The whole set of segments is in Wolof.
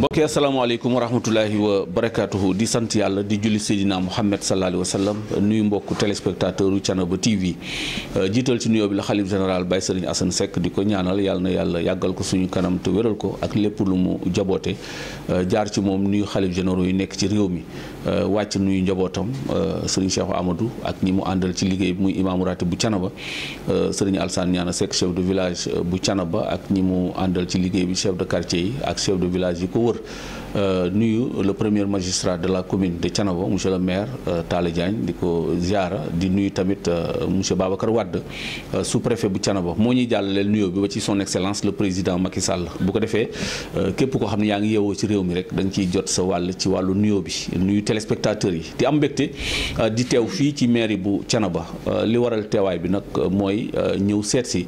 mbokki asalaamaaleykum wa rahmatulahi wa barakaatuhu di sant yàlla di julli seydina Muhammad sallallahu alayhi wa sallam nuyu mbokku téléspectateur u Thiénaba TV euh, jiital ci nuyoo bi la xalif général Baye Serigne Assane sekk di ko ñaanal yàlla na yàlla yàggal ko suñu kanam te wéral ko ak lépp lu mu jaboote euh, jaar ci moom nuyu xalif généraux yu nekk ci réew mi euh, wàcc nuyu njabootam Serigne Cheikh Amadou ak ñi mu àndal ci liggéey bi muy imaamu ratib bu Thiénaba Serigne Alsane Niane Seck chef de village bu Thiénaba ak ñi mu àndal ci liggéey bi chef de quartier ak chef de village wër Euh, nuyu le première magistrat de la commune de Thiénaba monsieur le maire euh, Talla Diagne di ko ziara di nuyu tamit euh, monsieur Babacar wàdd sous-préfet bu Thiénaba moo ñuy jàllaleel nuyoo bi ba ci son excellence le président Macky Sall bu ko defee képp koo xam ne yaa ngi yeewoo ci réew mi rek da nga ciy jot sa wàll ci wàllu nuyoo bi nuyu téléspectateurs yi di am mbégte di teew fii ci mairie bu Thiénaba li waral teewaay bi nag mooy ñëw seet si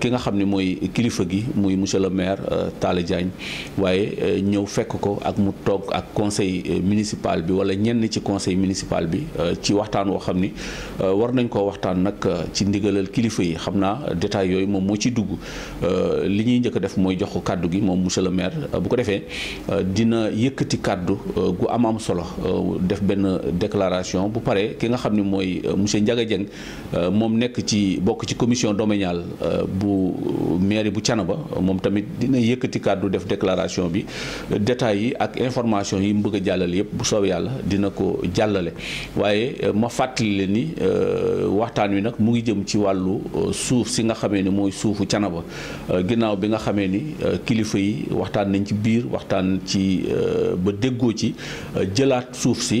ki nga xam ni mooy kilifa gi muy monsieur le maire Talla Diagne waaye ñëw ko ak mu toog ak conseil euh, municipal bi wala ñenn ci conseil municipal bi euh, ci waxtaan woo xam ni euh, war nañ koo waxtaan nag ci ndigalal kilifa yi xam naa détails yooyu moom moo ci dugg li ñuy njëkk def mooy jox ko kàddu gi moom monsieur le maire bu ko defee dina yëkkati kàddu gu am am solo def benn déclaration bu paree ki nga xam ni mooy monsieur Ndiaga Dieng moom nekk ci bokk ci commission domaniale bu mairie bu Thiénaba moom tamit dina yëkkati kaddu def déclaration bi détail détails yi ak information yi mu bëgg a jàllale yëpp bu soobee yàlla dina ko jàllale waaye euh, ma fàttali leen ni euh, waxtaan wi nag mu ngi jëm ci wàllu euh, suuf si nga xamee ni mooy suufu Canaba ginnaaw bi nga xamee ni kilifa yi waxtaan nañ ci biir waxtaan ci ba déggoo ci jëlaat suuf si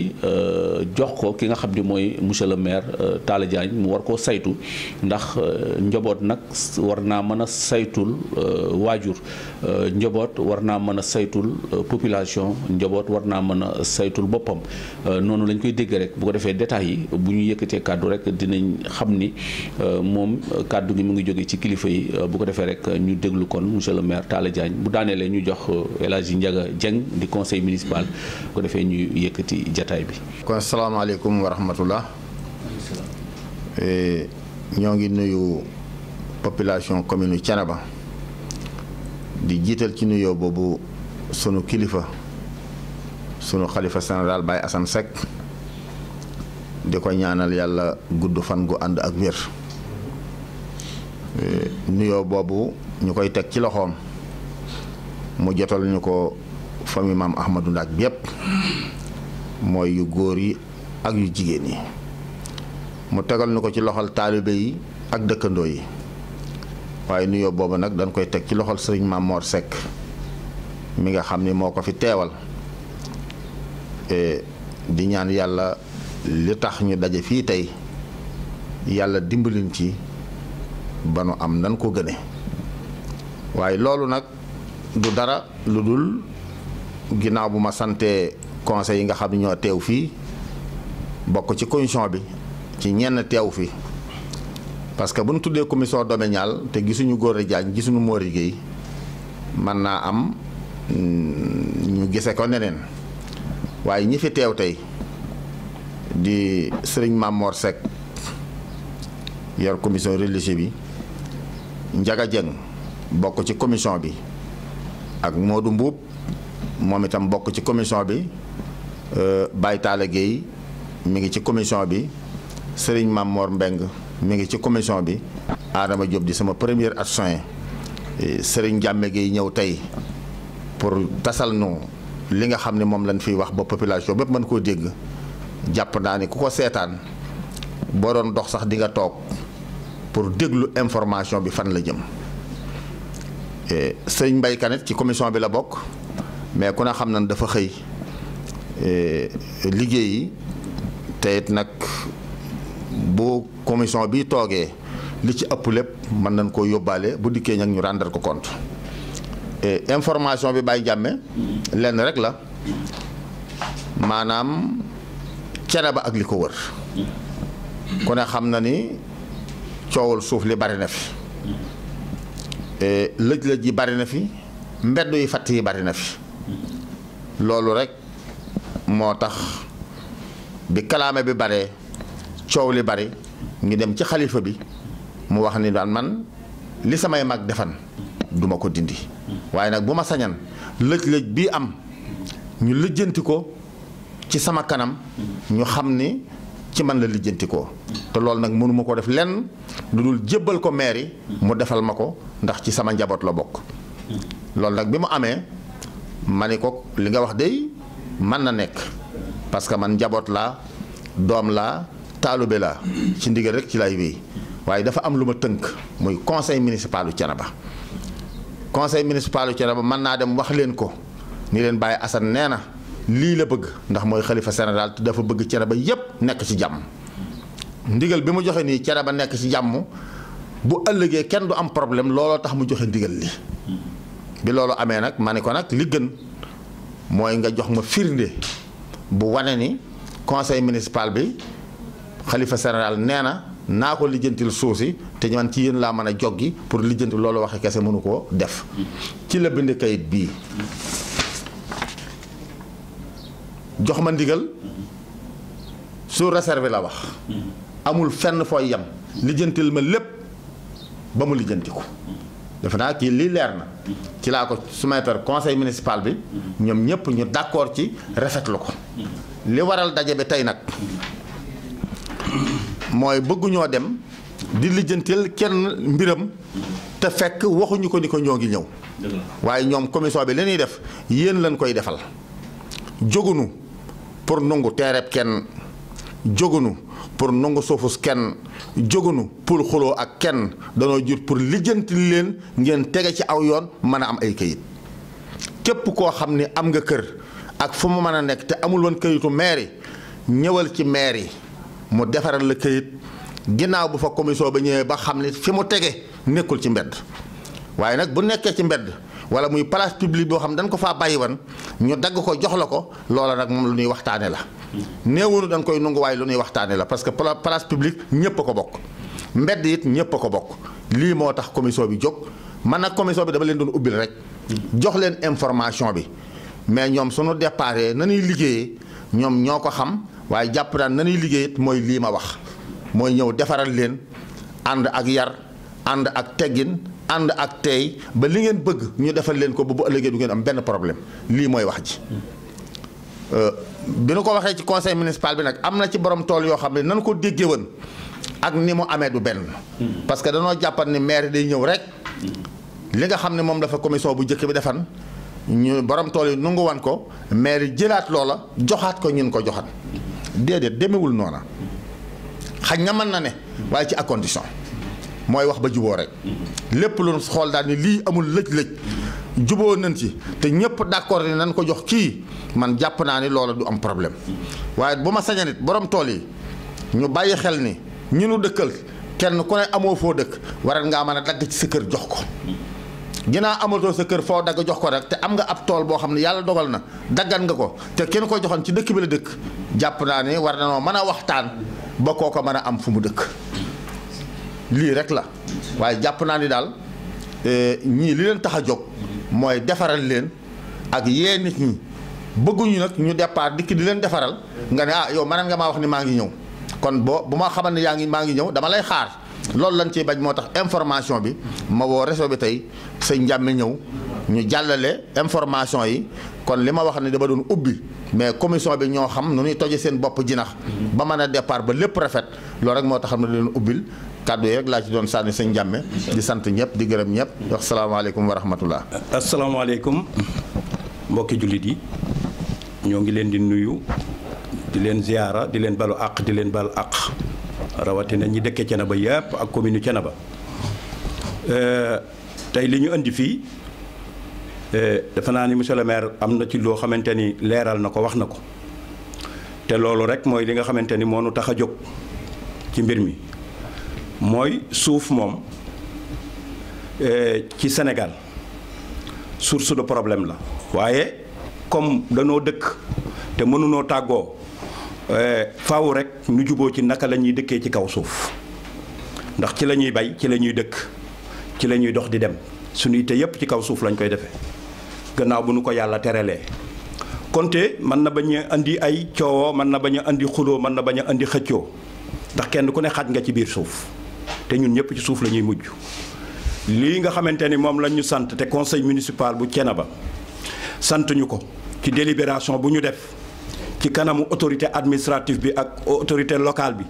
jox ko ki nga xam ni mooy monsieur le maire Talla mu war koo saytu ndax njaboot nag war naa mën a saytul waajur njaboot war naa mën a saytul population njaboot war naa mën a saytul boppam euh, noonu lañ koy dégg rek bu ko defee détails yi bu ñu yëkkatee kàddu rek dinañ xam ni euh, moom kàddu gi mu ngi jóge ci kilifa yi euh, bu ko defee rek ñu déglu kon monsieur le maire Talla Diagne bu daaneelee ñu jox El Hadji Ndiaga di conseil municipal bu ko defee ñu yëkkati jataay bi. kon salaamaaleykum wa rahmatullah e, ñoo ngi nuyu population commune Thiénaba di jiital ci nuyoo boobu. sunu kilifa sunu xalifa général Baye Assane Seck di ko ñaanal yàlla gudd fan gu ànd ak wér eh, nuyoo boobu ñu koy teg ci loxoom mu jotal ñu ko famille maam Ahmadou Ndaak bi yépp mooy yu góor yi ak yu jigéen yi mu tegal nu ko ci loxol taalibe yi ak dëkkandoo yi waaye nuyoo boobu nag dañ koy teg ci loxol sëriñ Maam Mor Seck mi nga xam ni moo ko fi teewal e, di ñaan yàlla li tax ñu daje fii tey yàlla dimbalin ci ba nu am nan ko gëne waaye loolu nag du dara lu dul ginnaaw bu ma sante conseil yi nga xam ne ñoo teew fii bokk ci commission bi ci ñenn teew fii parce que bu ñu tuddee commission domaniale te gisuñu góor Diagne gisuñu Mori Gueye mën naa am Mm, ñu gise ko neneen waaye ñi fi teew tey di sëriñ Mamor Seck yor commission religieuse bi Njaga bokk ci commission bi ak Modou Mbuub moom itam bokk ci commission bi euh, Baye Talla Gueye mi ngi ci commission bi sëriñ Mamor Mbeng mi ngi ci commission bi aadama Diop di sama premier adjoint sëriñ Jàmme Gueye ñëw tey pour tasal nu li nga xam ne moom lañ fiy wax ba population bépp mën koo dégg jàpp naa ni ku ko seetaan boo doon dox sax di nga toog pour déglu information bi fan la jëm sëñ Mbaye Kanete ci commission bi la bokk mais ku ne xam na nañ dafa xëy liggéey yi nag boo commission bi toogee li ci ëpp lépp mën nañ koo yóbbaale bu dikkee nag ñu rendre ko compte information bi Baye Jàmme lenn rek la maanaam Thiénaba ak li ko wër ku ne xam na ni coowal suuf li bari na fi lëj-lëj yi bari na fi mbedd yi fatt yi bari na fi loolu rek moo tax bi kalaame bi baree coow li bari ngi dem ci xalifa bi mu wax ni daan man li samay mag defan duma ko dindi waaye nag bu ma sañan lëj-lëj bii am ñu lijjanti ko ci sama kanam ñu xam ni ci man la lijjanti ko te loolu nag mënuma ko def lenn lu dul jébbal ko maire mu defal ma ko ndax ci sama njaboot la bokk loolu nag bi mu amee ma ni ko li nga wax dey mën na nekk parce que man njaboot laa doom laa taalube laa ci ndigal rek ci lay wéy waaye dafa am lu ma tënk muy conseil municipal u Thiénaba conseil municipal yu Thiénaba mën naa dem wax leen ko ni leen bàyyi Assane nee na lii la bëgg ndax mooy xalifa général te dafa bëgg ba yépp nekk ci jàmm ndigal bi mu joxe nii cere ba nekk ci jàmm bu ëllëgee kenn du am problème looloo tax mu joxe ndigal li bi loolu amee nag ma ne ko nag li gën mooy nga jox ma firnde bu wane ni conseil municipal bi xalifa général nee na naa ko lijjantil suuf si te man ci yéen laa mën a joggi pour lijjanti loolu waxe kese mënu koo def ci la bind kayit bii jox ma ndigal su réservé la wax amul fenn foo yem lijjantil ma lépp ba mu lijjanti ko defe naa kii lii leer na ci laa ko soumettre conseil municipal bi ñoom ñëpp ñu d'accord ci rafetlu ko li waral daje bi tey nag mooy bëgguñoo dem di lijjanteel kenn mbiram te fekk waxuñu ko ni ko ñoo ngi ñëw waaye ñoom commission bi leenuy def yéen leen koy defal jógunu pour nangu teereb kenn jógunu pour nangu suufus kenn jógunu pour xuloo ak kenn danoo jur pour lijjanti leen ngeen tege ci aw yoon mën a am ay kayit képp koo xam ni am nga kër ak fu mu mën a nekk te amul woon kayitu mairie ñëwal ci mairie mu defaral la këyit ginnaaw bu fa commission ba ñëwee ba xam ni fi mu tege nekkul ci mbedd waaye nag bu nekkee ci mbedd wala muy place publique boo xam dañ ko faa bàyyi wan ñu dagg ko jox la ko loola nag moom lu ñuy waxtaane la néewunu dañ koy nangu waaye lu ñuy waxtaane la parce que place publique ñépp a ko bokk mbedd it ñépp a ko bokk lii moo tax commission bi jóg man nag commission bi dama leen doon ubbil rek jox leen information bi mais ñoom suñu déparé nañuy liggéeyee ñoom ñoo ko xam waaye jàpp daan nanuy liggéey it mooy lii ma wax mooy ñëw defaral leen ànd ak yar ànd ak teggin ànd ak tey ba li ngeen bëgg ñu defal leen ko ba bu ëllëgee du ngeen am benn problème lii mooy wax ji euh, bi nu ko waxee ci conseil municipal bi nag am na ci borom tool yoo xam ne nan ko déggee woon ak ni mu amee du benn parce que danoo jàppal ni maire day ñëw rek li nga xam ne moom dafa commission bu njëkk bi defan ñu borom tool yi nungu wan ko maire jëlaat loola joxaat ko ñun ko joxat déedéet demewul noona xañ na mën na ne waaye ci ak mooy wax ba juboo rek lépp lu xool daal ni lii amul lëj-lëj juboo nañ ci te ñëpp d'accord ni nañ ko jox kii man jàpp naa ni loola du am problème waaye bu ma saña nit borom tool yi ñu bàyyi xel ni ñu nu dëkkal kenn ku ne amoo foo dëkk waral ngaa mën a dagg ci sa kër jox ko ginnaaw amatoo sa kër foo dagg jox ko rek te am nga ab tool boo xam ne yàlla dogal na daggan nga ko te kenn ko joxoon ci dëkk bi la dëkk jàpp naa ne war na mën a waxtaan ba kooko mën a am fu mu dëkk lii rek la waaye jàpp naa ni daal e, ñii li leen tax a jóg mooy defaral leen ak yee nit ñi bëgguñu nag ñu départ dikk di leen defaral nga ne ah yow mëneen nga maa wax ni maa ngi ñëw kon boo bu ma xamal ne yaa ngi maa ngi ñëw dama lay xaar loolu lañ ciy bañ moo tax information bi ma woo réseau bi tey sëñ njàmme ñëw ñu jàllale information yi kon li ma wax ne dama doon ubbi mais commission bi ñoo xam nu ñuy toje seen bopp jinax ba mën a départ ba lépp rafet loolu rek moo tax xam ne leen ubbil kàddu yi rek laa ci doon sànni sëñ njàmme di sant ñëpp di gërëm ñëpp wax salaamaaleykum wa rahmatullah asalaamaaleykum mbokki jullit yi ñoo ngi leen di nuyu di leen ziyaara di leen balu àq di leen balu àq rawatina ñi dëkkee ba yëpp ak commune Thiénaba euh, tey li ñu indi fii euh, defe naa ni monsieur le maire am na ci loo xamante ni leeral na ko wax na ko te loolu rek mooy li nga xamante ni moo nu tax a jóg ci mbir mi mooy suuf moom euh, ci Sénégal source de problème la waaye comme danoo dëkk te mënunoo tàggoo Euh, faaw rek nu juboo ci naka la ñuy dëkkee ci kaw suuf ndax ci la ñuy bay ci la ñuy dëkk ci la ñuy dox di dem suñu yitte yépp ci kaw suuf lañ koy defee gannaaw bu nu ko yàlla terelee konte mën na bañ a indi ay coowoo mën na bañ a indi xuloo mën na bañ a indi xëccoo ndax kenn ku ne xaj nga ci biir suuf te ñun ñëpp ci suuf la ñuy mujj lii nga xamante ni moom lañ ñu sant te conseil municipal bu Thiénaba sant ñu ko ci délibération bu ñu def ci kanamu autorité administrative bi ak autorité locale bi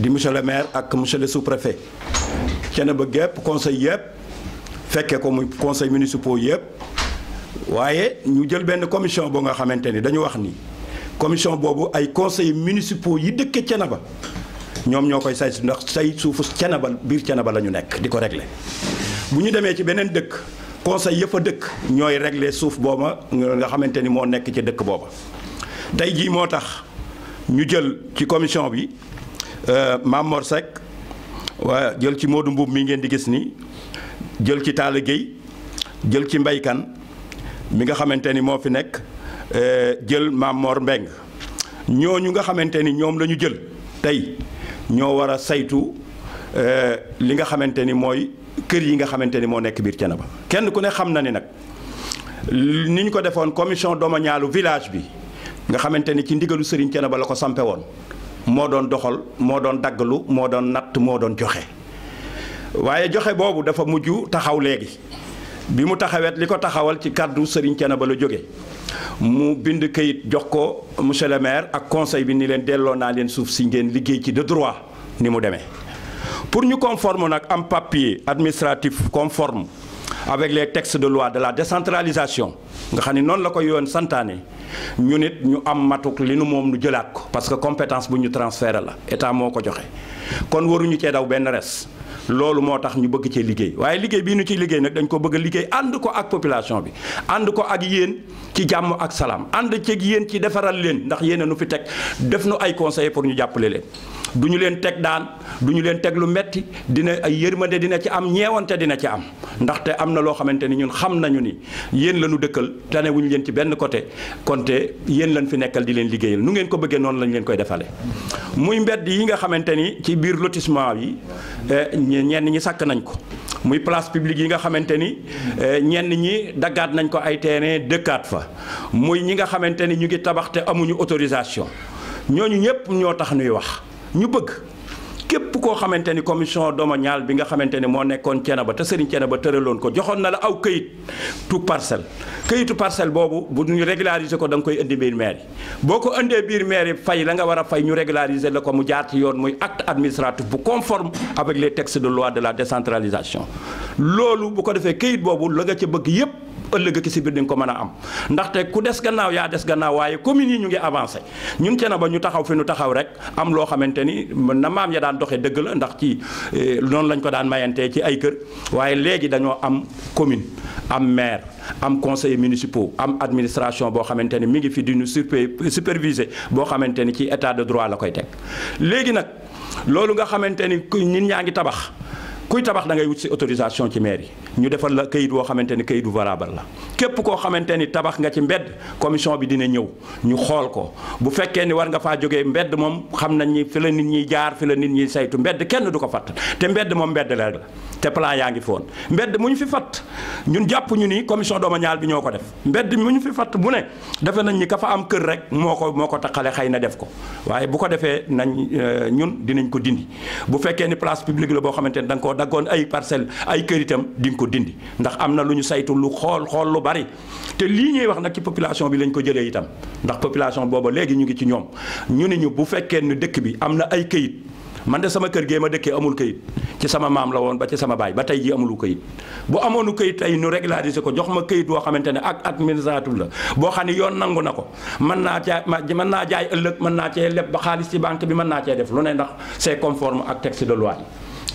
di monsieur le maire ak monsieur le sous-préfet ba gépp conseil yëpp fekkee ko muy conseil municipaux yëpp waaye ñu jël benn commission boo nga xamante ni dañu wax ni commission boobu ay conseils municipaux yi dëkk cena ba ñoom ñoo koy say ndax say suufu Thiénaba biir Thiénaba la ñu nekk di ko regle bu ñu demee ci beneen dëkk conseil yëpp a dëkk ñooy regle suuf booba nga xamante ni moo nekk ci dëkk booba tey jii moo tax ñu jël ci commission bi euh, Mamor Seck waa jël ci Modou Mbuub mi ngeen di gis ni jël ci Talla Gueye jël ci mbaykan mi nga xamante ni moo fi nekk euh, jël Mamor Mbeng ñu nga xamante ni ñoom lañu jël tey ñoo war a saytu euh, li nga xamante ni mooy kër yi nga xamante ni moo nekk biir Thiénaba kenn ku ne xam na ni nag ni ñu ko defoon commission domaniale village bi nga xamante ni ci ndigalu Serigne Thiénaba la ko sampe woon moo doon doxal moo doon dagglu moo doon natt moo doon joxe waaye joxe boobu dafa mujj taxaw léegi bi mu taxaweet li ko taxawal ci kàddu Serigne Thiénaba la jóge mu bind këyit jox ko monsieur le maire ak conseil bi ni leen delloo naa leen suuf si ngeen liggéey ci de droit ni mu demee pour ñu conforme nag am papier administratif conforme avec les textes de loi de la décentralisation nga xam ni noonu la ko yoon santaane ñu nit ñu am matuk li nu moom lu jëlaat ko parce que compétence bu ñu transféré la état moo ko joxe kon waruñu cee daw benn res loolu moo tax ñu bëgg cee liggéey waaye liggéey bii ñu ciy liggéey nag dañ ko bëgg liggéey ànd ko ak population bi ànd ko ak yéen ci jàmm ak salaam ànd ceeg yéen ci defaral leen ndax yéen nu fi teg def nu ay conseillers pour ñu jàppale leen du ñu leen teg daan du ñu leen teg lu metti dina ay yërmande dina ci am ñeewante dina ci am ndaxte am na loo xamante ni ñun xam nañu ni yéen la ñu dëkkal tane wuñu leen ci benn côté konte yéen lañ fi nekkal di leen liggéeyal nu ngeen ko bëggee noonu lañ leen koy defale nga xamante ni ci biir lotissement yi eh, ñenn ñi sàkk nañ ko muy place publique yi nga xamante ni eh, ñenn ñi daggaat nañ ko ay terrain dëkkaat fa muy ñi nga xamante ni ñu ngi tabax te amuñu autorisation ñooñu ñëpp ñoo tax ñuy wax ñu bëgg. képp koo xamante ni commission domaniale bi nga xamante ni moo nekkoon Thiénaba te Serigne ba tëraloon ko joxoon na la aw këyit tu parcelle këyitu parcelle boobu bu ñu régulariser ko danga koy indi biir maire boo ko indee biir maire yi fay la nga war a fay ñu régulariser la ko mu jaar ci yoon muy acte administratif bu conforme avec les textes de loi de la décentralisation loolu bu ko defee këyit boobu la nga ca bëgg yépp ëllëg ki si biir di ko mën a am ndaxte ku des gannaaw yaa des gannaaw waaye commune yi ñu ngi avancé ñun na ba ñu taxaw fi ñu taxaw rek am loo xamante ni na maam ya daan doxee dëgg la ndax ci eh, noonu lañ ko daan mayantee ci ay kër waaye léegi dañoo am commune am maire am conseillers municipaux am administration boo xamante ni mi ngi fi di ñu superviser boo xamante ni ci état de droit la koy teg léegi nag loolu nga xamante ni nit ñaa ngi tabax kuy tabax da ngay wut si autorisation ci maire yi ñu defal la kayit woo xamante ni kayitu valable la képp koo xamante ni tabax nga ci mbedd commission bi dina ñëw ñu xool ko bu fekkee ni war nga faa jógee mbedd moom xam nañ ñi fi la nit ñiy jaar fi la nit ñiy saytu mbedd kenn du ko fàtt te mbedd moom mbedd la rek la te plan yaa ngi foon mbedd mu ñu fi fatt ñun jàpp ñu ni commission domaniale bi ñoo ko def mbedd mu ñu fi fatt bu ne defe nañ ni ka fa am kër rek moo ko moo ko taxale xay na def ko waaye bu ko defee nañ euh, ñun dinañ ko dindi bu fekkee ni place publique la boo xamante ne da koo daggoon ay parcelle ay kër itam di ko dindi ndax am na lu ñu saytu lu xool xool lu bari te lii ñuy wax nag ci population bi lañ ko jëlee itam ndax population boobu léegi ñu ngi ci ñoom ñu ne ñu bu fekkee ni dëkk bi am na ay këyit man de sama kër gee ma dëkkee amul kayit ci sama maam la woon ba ci sama baay ba tey ji amulu kayit bu amoonu kayit tey ñu régulariser ko jox ma kayit boo xamante ne ak administratif la boo xam ne yoon nangu na ko mën naa caa mën naa jaay ëllëg mën naa cee leb ba xaalis ci banque bi mën naa cee def lu ne ndax see conforme ak texte de loi yi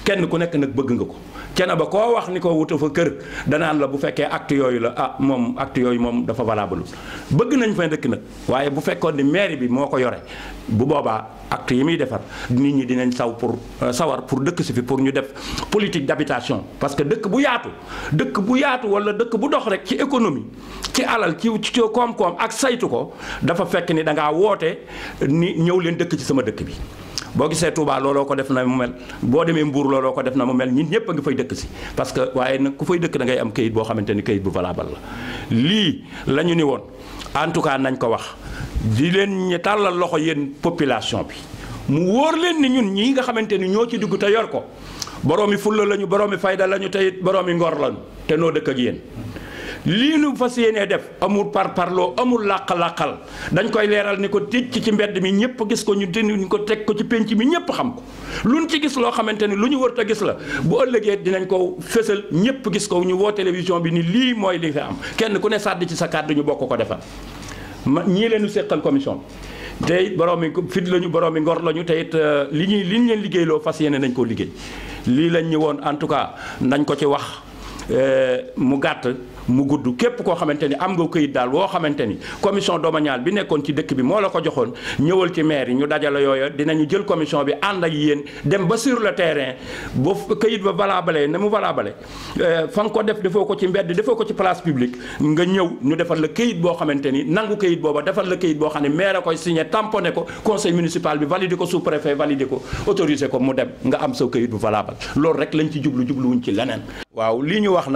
kenn ku nekk nag bëgg nga ko ba koo wax ni ko wuta fa kër danaan la bu fekkee acte yooyu la ah moom acte yooyu moom dafa valable bëgg nañ fa dëkk nag waaye bu fekkoon ni mairie bi moo ko yore bu boobaa acte yi muy defar nit ñi dinañ saw pour euh, sawar pour dëkk si fi pour ñu def politique d'habitation parce que dëkk bu yaatu dëkk bu yaatu wala dëkk bu dox rek ci économie ci alal ci ci koom-koom ak saytu ko dafa fekk ni da ngaa woote ni ñëw leen dëkk ci sama dëkk bi boo gisee Touba looloo ko def na mu mel boo demee Mbour looloo ko def na mu mel ñun ñëpp a ngi fay dëkk si parce que waaye nag ku fay dëkk da am kayit boo xamante ni kayit bu valable la lii la ñu ni woon en tout cas nañ ko wax di leen ñu tàllal loxo yéen population bi mu wóor leen ni ñun ñii nga xamante ni ñoo ci dugg te yor ko boroomi fulla lañu boroomi fayda lañu te it boroomi ngor lañu te noo dëkk ak yéen lii nu fas yéenee def amul par parloo amul làq-làqal dañ koy leeral ni ko tëcc ci mbedd mi ñëpp gis ko ñu dinañ ko teg ko ci pénc mi ñëpp xam ko lu luñ ci gis loo xamante ni lu ñu warut a gis la bu ëllëgee dinañ ko fësal ñëpp gis ko ñu woo télévision bi nii lii mooy li fi am kenn ku ne sàdd ci sa kàddu ñu bokk ko defal ma ñii leenu séqal commission te it borom mi fit lañu borom mi ngor lañu te it euh, li ñuy li ñu leen liggéeyloo fas yéene nañ koo liggéey lii lañ ñu en tout cas nañ ko ci wax euh, mu gàtt mu gudd képp koo xamante ni am nga këyit daal woo xamante ni commission domaniale bi nekkoon ci dëkk bi moo la ko joxoon ñëwal ci maire yi ñu dajale yooya dinañu jël commission bi ànd ak yéen dem ba sur le terrain ba këyit ba valable ne mu valable euh, fa nga ko def defoo ko ci mbedd defoo ko ci place publique nga ñëw ñu defal la këyit boo xamante ni nangu kayit booba defal la këyit boo xam ne maire a koy signé tamponné ko conseil municipal bi validé ko sous préfet validé ko autorisé ko mu dem nga am sa këyit bu valable loolu rek lañ ci jublu jubluwuñ ci leneen. waaw li ñu wax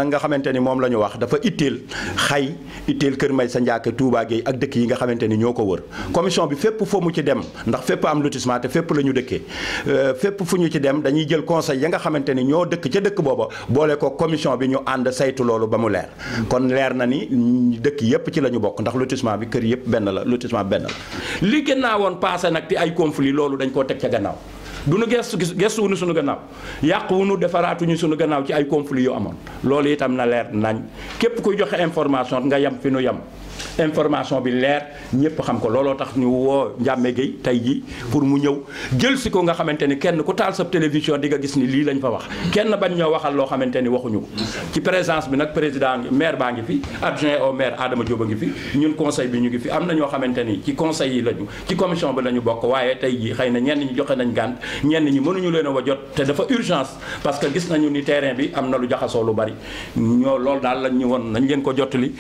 ni moom la ñu wax dafa dafa itteel xay itteel Kër Maysa Ndiaké Touba Gueye ak dëkk yi nga xamante ni ñoo ko wër commission bi fépp foo mu ci dem ndax fépp am lotissement te fépp la ñu dëkkee euh, fépp fu ñu ci dem dañuy jël conseil ya nga xamante ni ñoo dëkk ca dëkk booba boole ko commission bi ñu ànd saytu loolu ba mu leer kon leer na ni dëkk yépp ci la ñu bokk ndax lotissement bi kër yépp benn la lotissement benn la li gënnaawoon passé nag ti ay conflit loolu dañ koo teg ca gannaaw du nu gestu wu wuñu suñu gannaaw yàq wu wuñu defaraatuñu suñu gannaaw ci ay conflits yu amoon loolu itam na leer nañ képp kuy joxe information nga yem fi nu yem information bi leer ñëpp xam ko looloo tax ñu woo Ndiamé Guèye tey jii pour mu ñëw jël si ko nga xamante ni kenn ku taal sa télévision di nga gis ni lii lañ fa wax kenn bañ ñoo waxal loo xamante ni waxuñu ko. ci présence bi nag président maire baa ngi fi adjoint au maire Adama Diop a ngi fi ñun conseil bi ñu ngi fi am na ñoo xamante ni ci conseil yi lañu ci commission bi lañu bokk waaye tey jii xëy na ñenn ñi joxe nañ gànt ñenn ñi mënuñu leen a wa jot te dafa urgence parce que gis nañu ni terrain bi am na lu jaxasoo lu bari ñoo loolu daal lañ ñu woon nañ leen ko jottali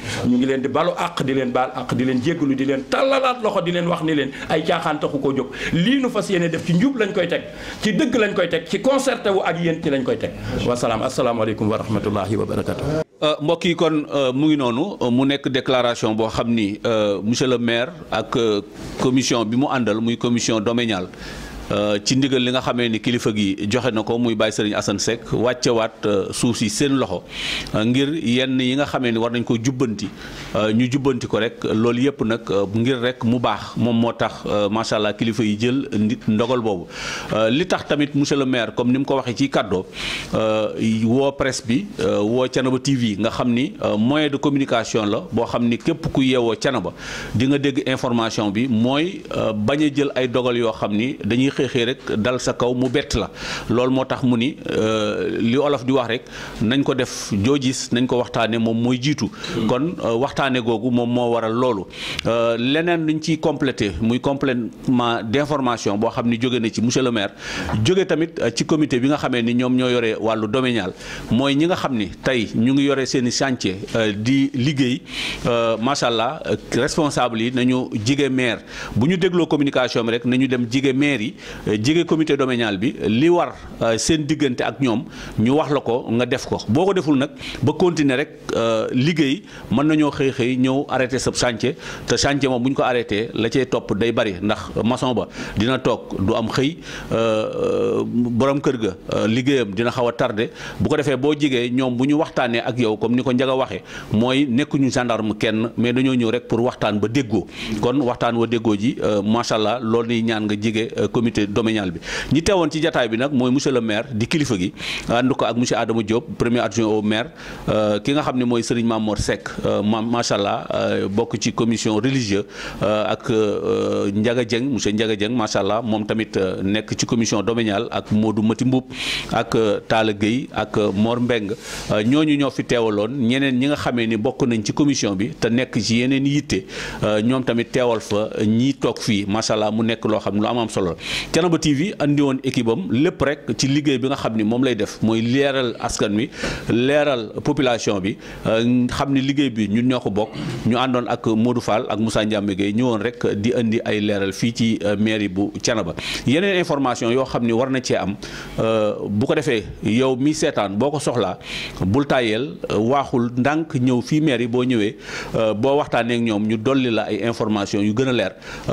di leen baal àq di leen jéggalu di leen tàllalaat loxo di leen wax ni leen ay caaxaan taxu koo jóg lii nu fas yéene def ci njub lañ koy teg ci dëgg lañ koy teg ci concerté wu ak yéen ci lañ koy teg wasalaam asalaamaaleykum wa rahmatullahi wa barakatu euh, mbokk yi kon euh, mu noonu euh, mu nekk déclaration boo xam ni monsieur le maire ak commission bi mu àndal muy commission domaniale Euh, ci ndigal li nga xamee ni kilifa gi joxe na ko muy bàyyi sëriñ Assane Seck wàccewaat euh, suuf si seen loxo euh, ngir yenn yi nga xamee ni war nañ ko jubbanti ñu jubbanti ko rek loolu yëpp nag ngir rek mu baax moom moo tax macha allah kilifa yi jël ndogal boobu. li tax tamit monsieur le maire comme ni mu ko waxee ci kàddoo woo presse bi woo Thiénaba TV nga xam ni moyen de communication la boo xam ni képp ku yeewoo canaba di nga dégg information bi mooy bañ a jël ay dogal yoo xam ni xëy rek dal sa kaw mu bett la loolu moo tax mu ni euh, li olof di wax rek nañ ko def joojis nañ ko waxtaane moom mooy jiitu kon euh, waxtaane googu moom moo waral loolu euh, leneen luñ ciy complété muy complément d'information boo xam ni jóge na ci monsieur le maire jóge tamit ci commité bi nga xamee ni ñoom ñoo yore wàllu domanial mooy ñi nga xam ni tey ñu ngi yore seeni chantier di liggéey macha allah responsable yi nañu jige maire bu ñu dégloo communication bi rek nañu dem jige yi Euh, jege comité domanial bi euh, li war euh, seen diggante ak ñoom ñu wax la ko nga def ko boo ko deful nag ba continuer rek liggéey mën nañoo xëy xëy ñëw arrêté sa chantier te chantier moom bu ñu ko arrêté la cee topp day bari ndax mason ba dina toog du am xëy borom kër ga liggéeyam dina xaw a tardé bu ko defee boo jigee ñoom bu ñu waxtaanee ak yow comme ni ko Ndiaga waxee mooy nekkuñu gendarme kenn mais dañoo ñëw rek pour waxtaan ba déggoo kon waxtaan wa déggoo collectivité domaniale bi ñi teewoon ci jataay bi nag mooy monsieur le maire di kilifa gi ànd ko ak monsieur Adama Diop premier adjoint au maire euh, ki nga xam ne mooy Serigne Mamor Seck euh, macha allah euh, bokk ci commission religieuse ak njaga Dieng monsieur Ndiaga Dieng macha allah moom tamit nekk ci commission domaniale ak Modou Mati Mbuub ak Talla Gueye ak Mor Mbeng ñooñu ñoo fi teewaloon ñeneen ñi nga xamee ni bokk nañ ci commission bi te nekk ci yeneen yitte ñoom tamit teewal fa ñi toog fii macha mu nekk loo xam ne lu am am solo Thiénaba TV andi woon équipe lépp rek ci liggéey bi nga xam ni moom lay def mooy leeral askan wi leeral population bi euh, xam ni liggéey bi ñun ñoo ko bokk ñu àndoon ak Modou Fall ak Moussa Ndiambe ñëwoon rek di indi ay leeral fii ci euh, mairie bu Thiénaba yeneen information yoo xam ni war na cee am euh, bu ko defee yow mi seetaan boo ko soxlaa bul tàyyeel waaxul ndànk ñëw fii mairie boo ñëwee boo waxtaanee ak ñoom ñu dolli la ay information yu gën a leer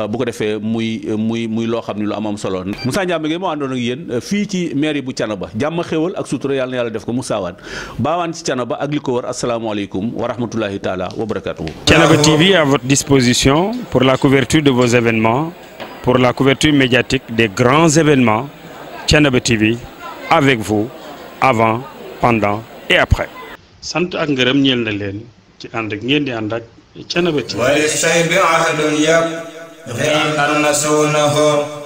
bu ko defee muy muy muy loo xam ni lu solo Moussa Ndiambe Gueye moo àndoon ak yéen euh, fii ci mairie bu Thiénaba jàmm xéwal ak sutura yàlla def ko mu saawaan baawaan ci Thiénaba ak li ko wër asalaamaaleykum wa rahmatulahi taala wa barakatuhu Thiénaba TV à votre disposition pour la couverture de vos événements pour la couverture médiatique des grands événements Thiénaba TV avec vous avant pendant et après sant ak ngërëm ñeel na leen ci ànd ak ngeen di ànd ak Thiénaba TV wali say bi ahadun yab غير أن نسونه